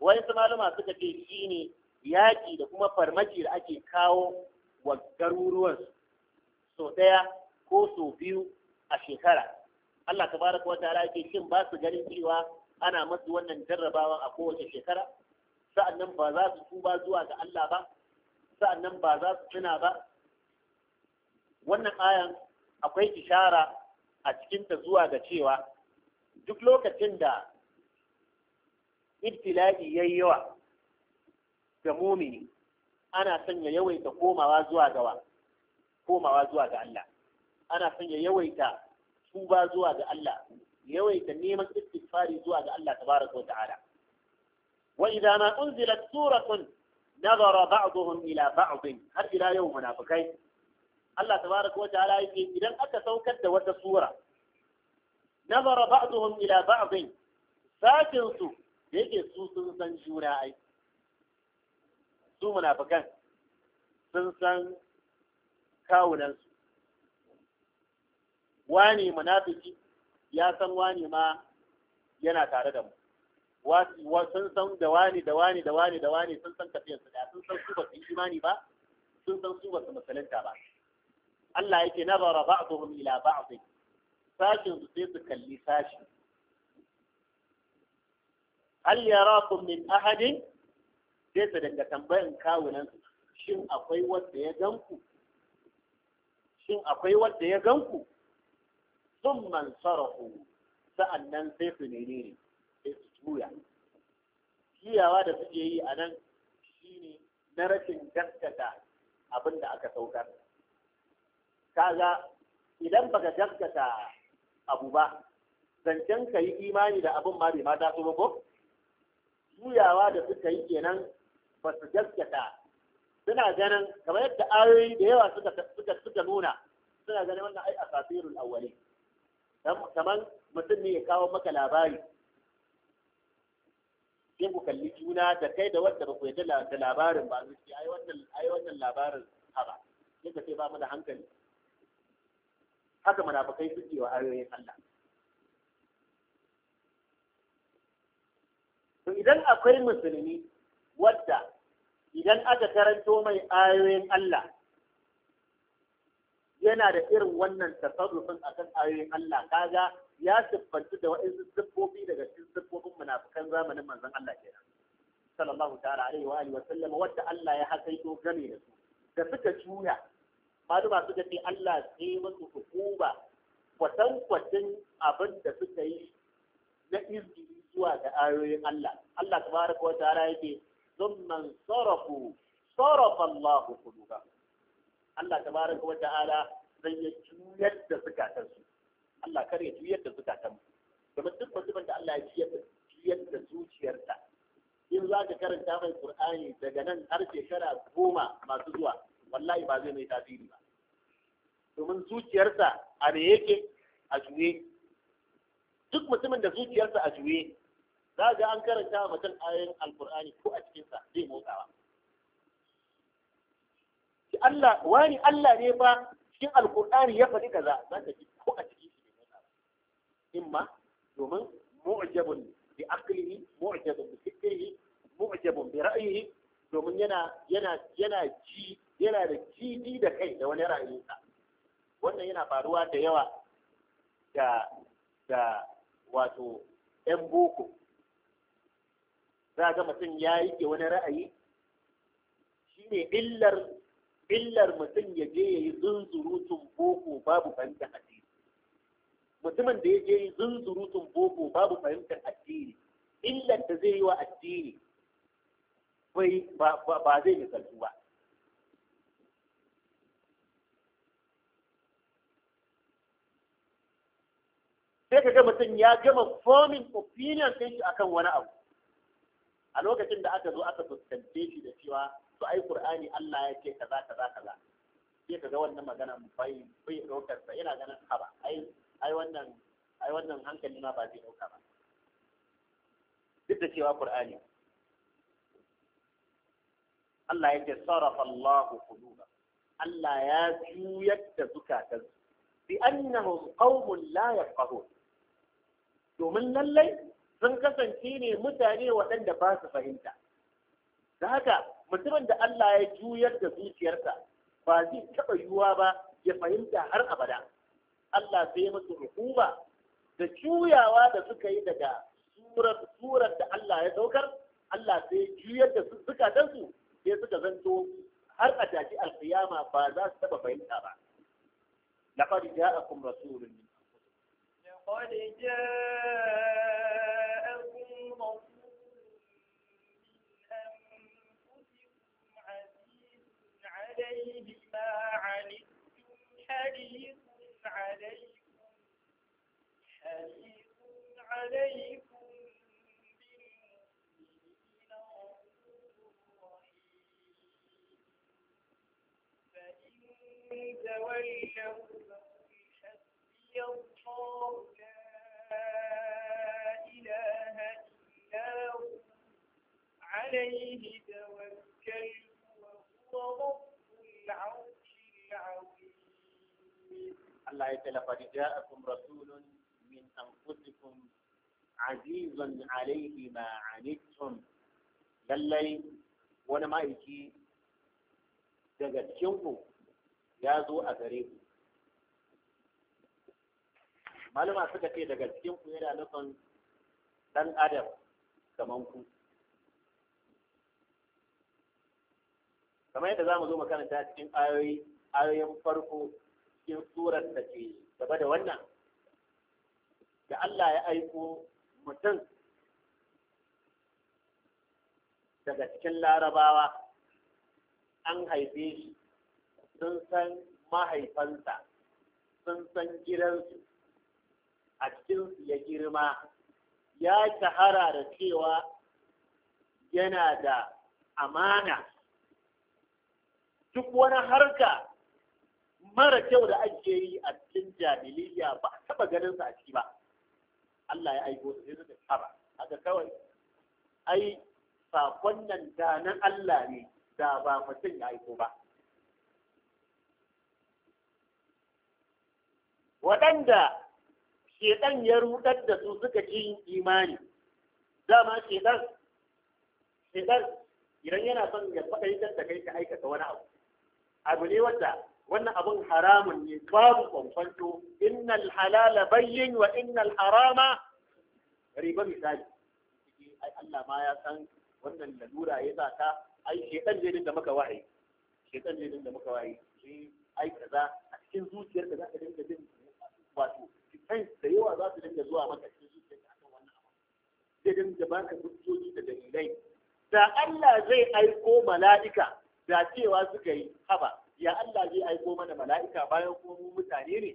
wani su malama suka ce ne yaƙi da kuma farmaki da ake kawo wa garuruwansu so ɗaya ko so biyu a shekara Allah tabaraka wa ta'ala yake shin ba su ganin cewa ana masu wannan jarrabawa a kowace shekara sa'annan ba za su tuba zuwa ga Allah ba sa'annan ba za su tuna ba wannan ayan akwai ishara a cikinta zuwa ga cewa duk lokacin da ibtila'i yayi yawa ga mumini ana son ya yawaita komawa zuwa gawa komawa zuwa ga Allah ana son ya yawaita tuba zuwa ga Allah yawaita neman istighfari zuwa ga Allah tabaraka wata'ala wa idza ma unzilat suratun nazara ba'dhum ila ba'd har ila yau munafikai Allah tabaraka wata'ala yake idan aka saukar da wata sura nazara ba'dhum ila ba'd sakin su da yake su sun san juna ai su munafikan sun san kawunansu wani munafiki ya san wani ma yana tare da mu sun san da wani da wani da wani da wani sun san tafiyar su sun san su ba su imani ba sun san su ba su musulunta ba Allah yake nazara ba'dhum ila ba'd sashin su sai su kalli sashi hal yarakum min ahadin sai su daga tambayan kawunan shin akwai wanda ya ganku shin akwai wanda ya ganku sun man sarahu sa'annan sai su ne sai su juya juyawa da suke yi a nan shine na rashin gaskata abin da aka saukar kaga idan baka gaskata abu ba zancen ka yi imani da abin ma bai ma su ba ko juyawa da suka yi kenan ba su gaskata suna ganin kamar yadda ayoyi da yawa suka suka suka nuna suna ganin wannan ai asafirul awwalin kamar mutum ne ya kawo maka labari sai ku kalli juna da kai da wanda ba ku yadda da labarin ba zuci ai wannan ai wannan labarin haba sai ka ce ba mu da hankali haka munafikai suke wa ayoyin Allah to idan akwai musulmi wadda idan aka karanto mai ayoyin Allah yana da irin wannan tasarrufin akan ayoyin Allah kaga ya siffanci da wa'in siffofi daga cikin siffofin munafikan zamanin manzon Allah kenan sallallahu ta'ala alaihi wa alihi wa sallam wadda Allah ya hakaito game da su da suka juya maluma suka ce Allah sai musu hukuma kwatankwacin abin da suka yi na izini zuwa ga ayoyin Allah Allah tabaraka wa ta'ala yake zumman sarafu sarafa Allah kuluba Allah tabaraka wa ta'ala zai ya juyar da su. Allah kar ya juyar da su. kuma duk mutumin da Allah ya juyar da zuciyarta, in za ka karanta mai Qur'ani daga nan har shekara goma masu zuwa wallahi ba zai mai tasiri ba domin zuciyarsa a me yake a juye duk mutumin da zuciyarsa a juye za ga an karanta mutum ayoyin alkur'ani ko a cikinsa zai motsawa shi Allah wani Allah ne ba cikin alkur'ani ya faɗi kaza za ka ji ko a cikin shi ne motsawa imma domin mu'jabun bi aqlihi mu'jabun bi fikrihi mu'jabun bi ra'yihi domin yana yana yana ji yana da jiji da kai da wani ra'ayinsa wannan yana faruwa da yawa da da wato 'yan boko za ga mutum ya yi wani ra'ayi shi ne illar illar mutum ya je ya yi zunzurutun boko babu fahimtar addini mutumin da ya je yi zunzurutun boko babu fahimtar addini illar da zai yi wa addini ba zai misaltu ba sai ka ga mutum ya gama forming opinion ɗin shi akan wani abu a lokacin da aka zo aka fuskance shi da cewa to ai qur'ani Allah ya ce kaza kaza kaza sai kaga wannan magana bai bai daukar sa yana ganin haba ai ai wannan ai wannan hankali ma ba zai dauka ba duk da cewa qur'ani Allah ya ce sarafa Allah quluba Allah ya juyar da zukatan bi annahum qaumun la yafqahun domin lallai sun kasance ne mutane waɗanda ba su fahimta da haka mutumin da Allah ya juyar da zuciyarsa ba zai taɓa yiwuwa ba ya fahimta har abada Allah sai musu hukuma da juyawa da suka yi daga surar da Allah ya saukar Allah sai juyar da su zukatansu sai suka zanto har a tafi alkiyama ba za su taɓa fahimta ba laqad ja'akum rasulun min anfusikum ما عنتم حريص عليكم حريص عليكم فإن تولوا فقل حسبي الله لا إله إلا هو عليه توكل وهو رب العرش Allah ya ce laqad ja'akum rasulun min anfusikum azizun alayhi ma anittum lallai wani ma'aiki daga cikinku ya zo a gare ku malama suka ce daga cikinku yana nufin ɗan adam kamar ku kamar yadda za mu zo makaranta cikin ayoyin farko cikin surar da ke gaba da wannan da Allah ya aiko mutum daga cikin larabawa an haife shi sun san mahaifansa sun san gidansu a cikinsu ya girma ya shahara da cewa yana da amana duk wani harka mara kyau da ake yi a cikin jahiliya ba a taɓa ganin sa a ciki ba Allah ya aiko sai suka saba haka kawai ai sakon nan da nan Allah ne da ba mutum ya aiko ba waɗanda shedan ya rudar da su suka ci imani dama shedan shedan idan yana son ya faɗa da kai ka aikata wani abu abu ne wanda wannan abun haramun ne babu kwamfanto innal halala bayyin wa innal harama riba misali ai Allah ma ya san wannan lalura ya sa ta ai shedan zai dinga maka wahayi shedan zai da maka wahayi shi ai kaza a cikin zuciyar ka za ka dinga jin wato kan da yawa za su dinga zuwa maka cikin zuciyar ka akan wannan abu zai dinga baka hujjoji da dalilai da Allah zai aiko mala'ika da cewa suka yi haba ya Allah zai aiko mana mala'ika bayan ko mu mutane ne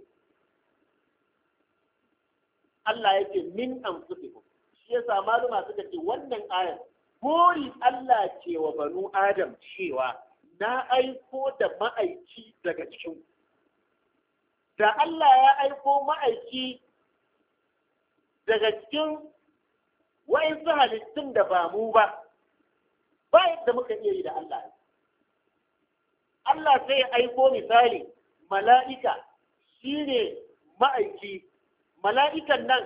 Allah yake min anfusikum shi yasa maluma suka ce wannan ayar gori Allah ce wa banu Adam cewa na aiko da ma'aiki daga cikin da Allah ya aiko ma'aiki daga cikin wa'insu halittun da ba mu ba ba yadda muka iya yi da Allah Allah sai aiko misali mala'ika shi ne ma'aiki mala'ikan nan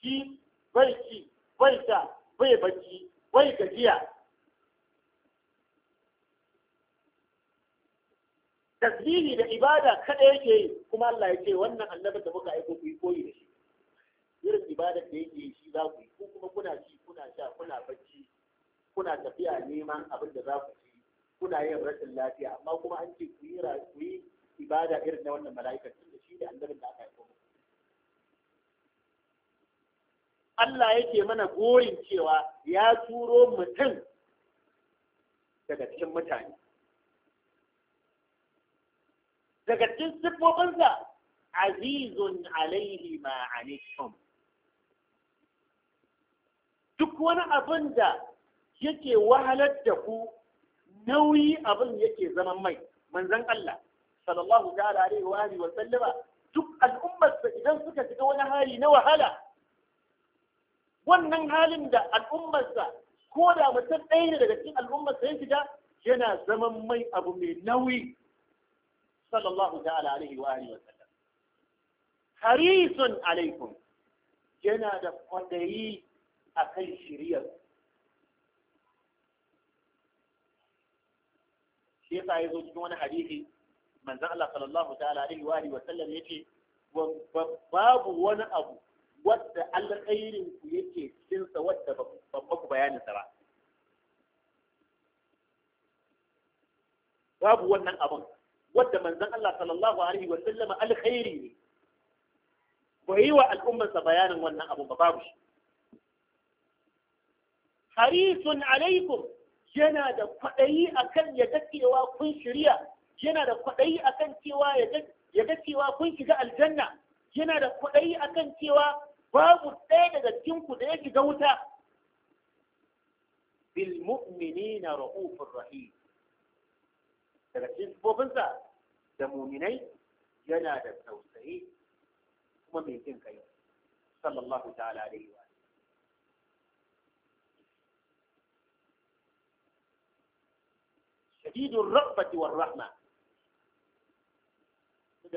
shi bai ci bai ta bai bacci bai gajiya tasbihi da ibada kada yake yi kuma Allah ya ce wannan annabin da muka aiko kuyi koyi da shi irin ibada da yake shi za ku yi ko kuma kuna ci kuna sha kuna bacci kuna tafiya neman abin da za ku kuna yin rashin lafiya amma kuma an ce ku yi ibada irin na wannan mala'ikar da shi ne annabin da aka aiko Allah yake mana gorin cewa ya turo mutum daga cikin mutane daga cikin siffofinsa azizun alaihi ma anikum duk wani abin da yake wahalar da ku nauyi abin yake zaman mai manzan Allah sallallahu ta'ala alaihi wa alihi wa sallama duk al'ummarsa idan suka shiga wani hali na wahala wannan halin da al'ummarsa ko da mutum ɗaya ne daga cikin al'ummarsa ya shiga yana zaman mai abu mai nauyi sallallahu ta'ala alaihi wa alihi wa sallam harisun alaikum yana da kwadayi kan shiriyar shi yasa ya zo cikin wani hadisi manzon Allah sallallahu ta'ala alaihi wa alihi wa sallam yace babu wani abu wanda alkhairin ku yake cikin sa wadda ban ku bayanin sa ba babu wannan abun wanda manzon Allah sallallahu alaihi wa sallam alkhairi ne bai yi wa al'ummarsa bayanin wannan abun ba babu shi harisun alaikum yana da kwaɗayi akan ya ga cewa kun shirya yana da kwaɗayi akan cewa ya ga cewa kun shiga aljanna yana da kwaɗayi akan cewa babu ɗaya daga cikin da ya shiga wuta bil na ra'ufur rahim daga cikin sifofinsa da muminai yana da tausayi kuma mai jin kai sallallahu ta'ala alaihi wa شديد ا والرحمة.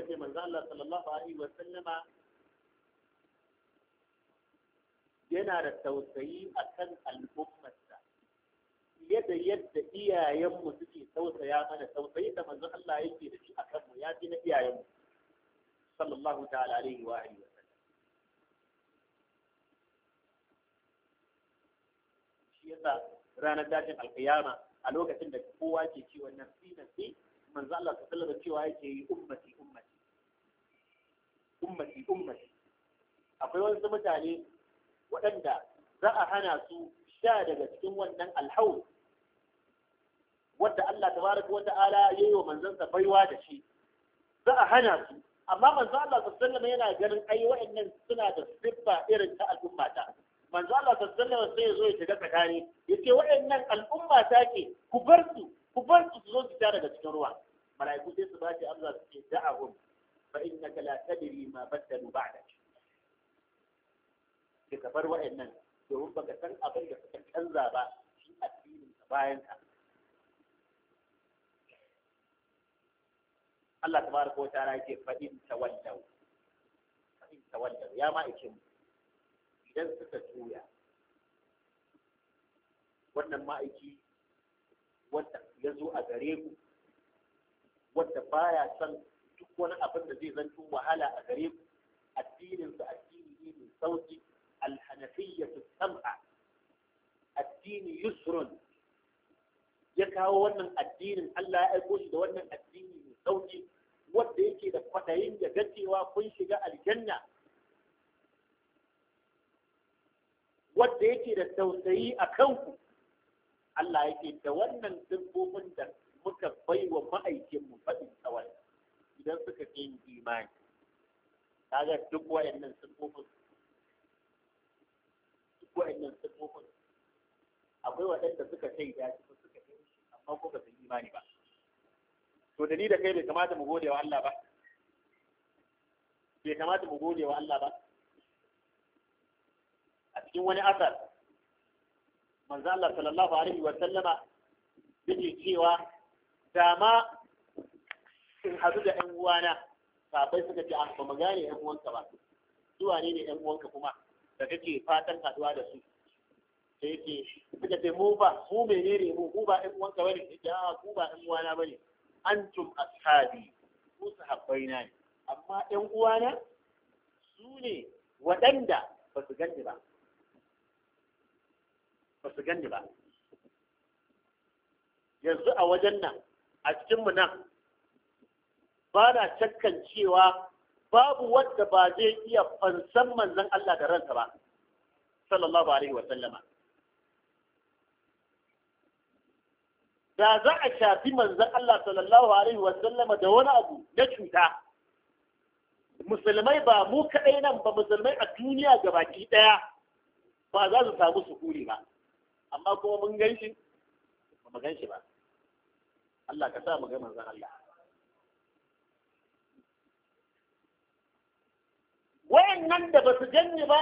كما قال الله صلى الله عليه وسلم جنر التوسعين اكن ا يد يد يا يم سكي سوس يا من سوس يد من الله يجي لك اكرم يا دين يا يم صلى الله تعالى عليه واله وسلم شيخا رانا داخل القيامه a lokacin da kowa ke ci wannan nafsi manzo Allah ta sallama cewa yake yi ummati ummati ummati ummati akwai wasu mutane waɗanda za a hana su sha daga cikin wannan alhaul wadda Allah tabaraka wa ta'ala ya yi wa manzansa baiwa da shi za a hana su amma manzo Allah sallallahu alaihi yana ganin ai wa'annan suna da siffa irin ta al'ummata. manzo Allah sallallahu alaihi wasallam sai ya zo ya shiga tsakani yace waɗannan al'umma ta ke ku bar su ku bar su zo su daga cikin ruwa mala'iku sai su ba shi su ce da'ahum fa innaka la tadri ma badalu ba'dak ke ka bar waɗannan domin baka san abin da suka canza ba shi addinin ka bayan ka Allah tabaraka wa ta'ala yake fa in tawallaw fa in tawallaw ya ma mu idan suka juya wannan ma'aiki wanda ya zo a gare ku wanda baya son duk wani abin da zai zanto wahala a gare ku addinin addini ne mai sauki alhanafiyyatu sam'a addini yusrun ya kawo wannan addinin Allah ya aiko shi da wannan addini mai sauki wanda yake da kwadayin da gacewa kun shiga aljanna wadda yake da tausayi a kanku Allah yake da wannan dabbobin da muka baiwa ma'aikin mu faɗin tsawon idan suka yi imani kaga duk wayannan siffofin duk wayannan siffofin akwai waɗanda suka da su suka yi amma ko ba imani ba to da ni da kai bai kamata mu gode wa Allah ba bai kamata mu gode wa Allah ba cikin wani asar manzo Allah sallallahu alaihi wa sallama yake cewa dama in hadu da ɗan uwana sabai suka ce a ah, ba mu gane ƴan uwanka ba zuwa ne ne ɗan uwanka kuma da kake fatan haduwa da su da yake suka ce mu ba mu menene mu ku ba ɗan uwanka bane yake a ah, ku ba ɗan uwana bane antum ashabi ku na ne amma ɗan uwana su ne waɗanda ba su gani ba ba su ganni ba yanzu a wajen nan a cikinmu nan ba na cakkan cewa babu wanda ba zai iya fansan manzan Allah da ransa ba sallallahu alaihi wa sallama da za a shafi manzan Allah sallallahu alaihi wa sallama da wani abu na cuta musulmai ba mu kaɗai nan ba musulmai a duniya gabaki ɗaya ba za su samu sukuri ba amma kuma mun gan shi ba mu gan shi ba Allah ka sa mu ga manzon Allah wayannan da ba su ganni ba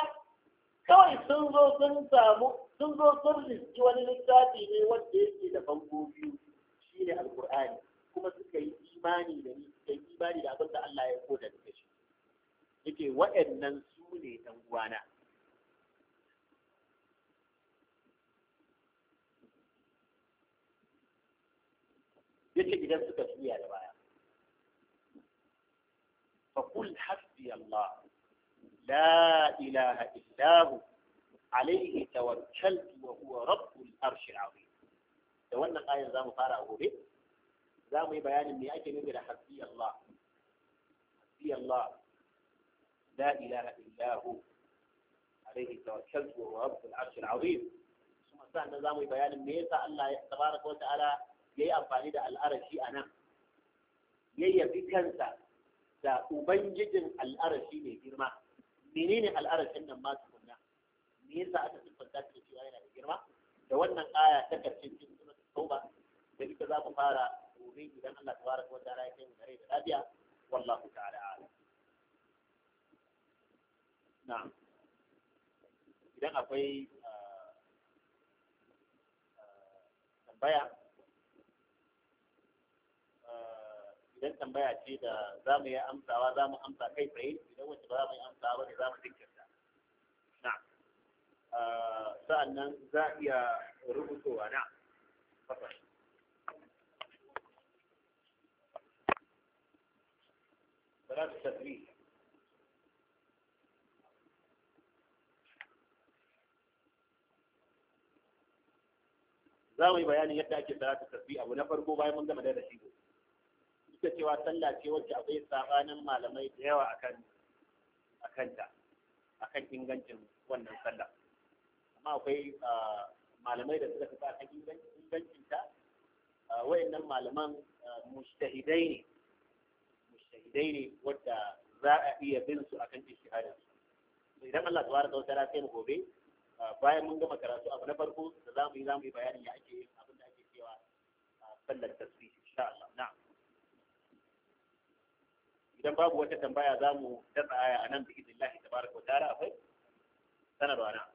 kawai sun zo sun samu sun zo sun riski wani littafi ne wanda yake da bango biyu shine alkur'ani kuma suka yi imani da ni suka yi imani da abin da Allah ya koda da shi yake wayannan su ne dan uwana yace idan suka juya da baya fa qul hasbi Allah la ilaha illa hu alayhi tawakkaltu wa huwa rabbul arshil azim da wannan ayar zamu fara gobe zamu yi bayanin me ake nufi da hasbi Allah hasbi Allah la ilaha illa hu alayhi tawakkaltu wa huwa rabbul arshil azim kuma sannan zamu yi bayanin me yasa Allah tabaraka wa ta'ala ya yi amfani da al'arashi a nan ya yabi kansa da ubangijin al'arashi mai girma menene al'arashin nan ma tukunna me yasa aka siffanta shi da cewa yana da girma da wannan aya ta karshen cikin sunan tauba da ita za ku fara gobe idan Allah tabaraka wa ta'ala ya kai mu gare da lafiya wallahu ta'ala na'am idan akwai ah, ah, tambaya idan tambaya ce da za mu yi amsawa za mu amsa kai tsaye idan wacce ba za mu yi amsawa ba ne za mu jinkirta na sa'annan za a iya rubutowa na ثلاث تدريب za mu yi bayanin yadda ake salatu tasbi abu na farko bayan mun gama da shi ko da cewa sallah ce wacce akwai tsakanin malamai da yawa akan ta akan ingancin wannan sallah amma akwai malamai da suka tafi akan ingancin ta wayannan malaman mujtahidai ne mujtahidai ne wadda za a iya bin su akan ijtihadin su idan Allah ta wa ta'ala sai mu gobe bayan mun gama karatu abu na farko da zamu yi zamu yi bayani ya ake abin da ake cewa sallar tasbih insha Allah na'am idan babu wata tambaya za mu dasa aya a nan bi idin lahi tabaraka wa akwai sanarwa na